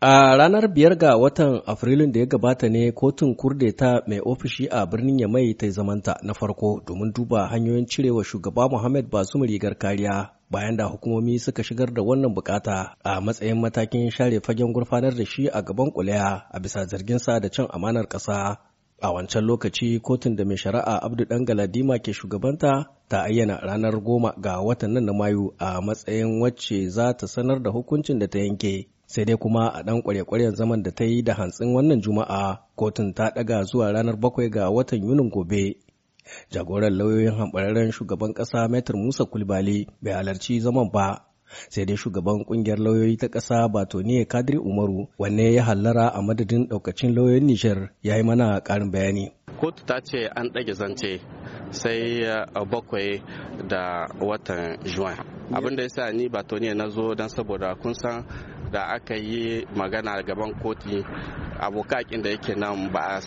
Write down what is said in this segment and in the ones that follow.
A ranar biyar ga watan Afrilun da ya gabata ne kotun Kurde ta mai ofishi a birnin Yamai ta zamanta na farko domin duba hanyoyin cirewa shugaba Muhammad Basum rigar kariya bayan da hukumomi suka shigar da wannan bukata a matsayin matakin share fagen gurfanar da shi a gaban kuliya a bisa sa da cin amanar ƙasa A wancan lokaci kotun da mai shari'a Abdu Dan Galadima ke shugabanta ta ayyana ranar goma ga watan nan na Mayu a matsayin wacce za ta sanar da hukuncin da ta yanke. Sai dai kuma a ɗan kware-kwaren zaman da ta yi da hantsin wannan Juma'a kotun ta ɗaga zuwa ranar bakwai ga watan Yunin gobe. Jagoran lauyoyin hambararren shugaban ƙasa metr Musa Kulbali bai halarci zaman ba sai dai shugaban kungiyar lauyoyi ta ƙasa ne kadri umaru wanne ya hallara a madadin ɗaukacin lauyoyin nijar ya yi mana ƙarin bayani kotu ta ce an ɗage zance sai uh, bakwai da watan juan abinda da yasa ni ne na zo don saboda kun san da aka yi magana gaban kotu abokakin da yake nan ba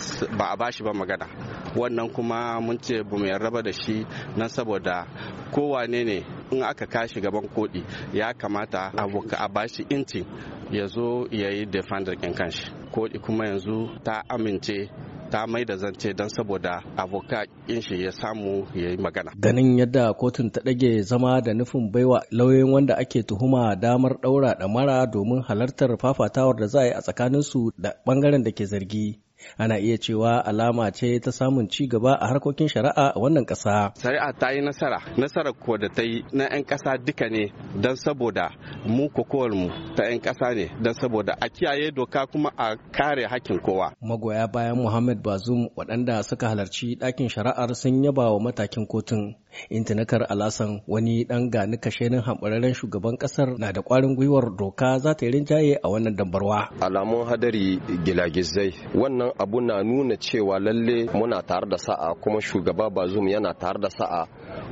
a bashi ba magana wannan kuma mun ce bu mai raba da shi nan saboda kowane ne in aka kashi gaban kodi ya kamata a bashi inci ya zo ya yi defender kin kanshi kodi kuma yanzu ta amince ta mai da zance don saboda aboka shi ya samu ya yi magana. Ganin yadda kotun ta ɗage zama da nufin baiwa lauyoyin wanda ake tuhuma damar ɗaura da mara domin halartar fafatawar da za a yi a tsakaninsu da ɓangaren da ke zargi. ana iya cewa alama ce ta samun ci gaba a harkokin shari'a a wannan ƙasa. Shari'a ta yi nasara, nasarar ko da ta yi na 'yan ƙasa duka ne don saboda mu kokowar mu ta 'yan ƙasa ne don saboda a kiyaye doka kuma a kare hakkin kowa. Magoya bayan Muhammad Bazum waɗanda suka halarci ɗakin shari'ar sun yaba wa matakin kotun. intanakar alasan wani dan gani kashenin hamburaren shugaban kasar na da kwarin gwiwar doka za ta yi rinjaye a wannan dambarwa alamun hadari gilagizai wannan abu na nuna cewa lalle muna tare da sa'a kuma shugaba bazum yana tare da sa'a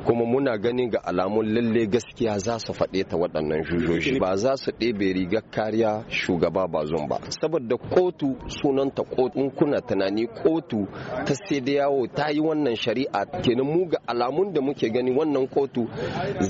kuma muna gani ga alamun lalle gaskiya za su faɗe ta waɗannan jujoji ba za su ɗebe rigar kariya shugaba ba zon ba saboda kotu sunanta kotu kuna tunani kotu ta sai da yawo ta yi wannan shari'a kenan mu ga alamun da muke gani wannan kotu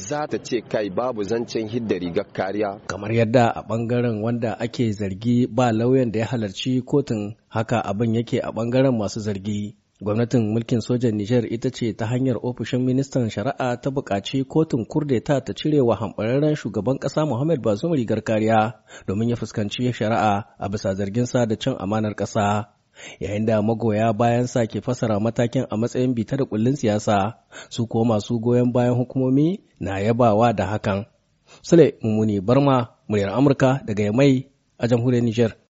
za ta ce kai babu zancen hidda rigar kariya kamar yadda a bangaren wanda ake zargi ba lauyan da ya halarci kotun haka abin yake a bangaren masu zargi Gwamnatin mulkin sojan Nijar ita ce ta hanyar ofishin ministan shari'a ta buƙaci kotun kurdeta ta cire wa hamɓararren shugaban ƙasa Muhammad Bazoum rigar kariya domin ya fuskanci shari'a a bisa zarginsa da cin amanar ƙasa. Yayin da magoya bayansa ke fasara matakin a matsayin bita da kullun siyasa, su ko masu goyon bayan hukumomi na yabawa da hakan. Sule Mumuni Barma, muryar Amurka daga Yamai a jamhuriyar Nijar.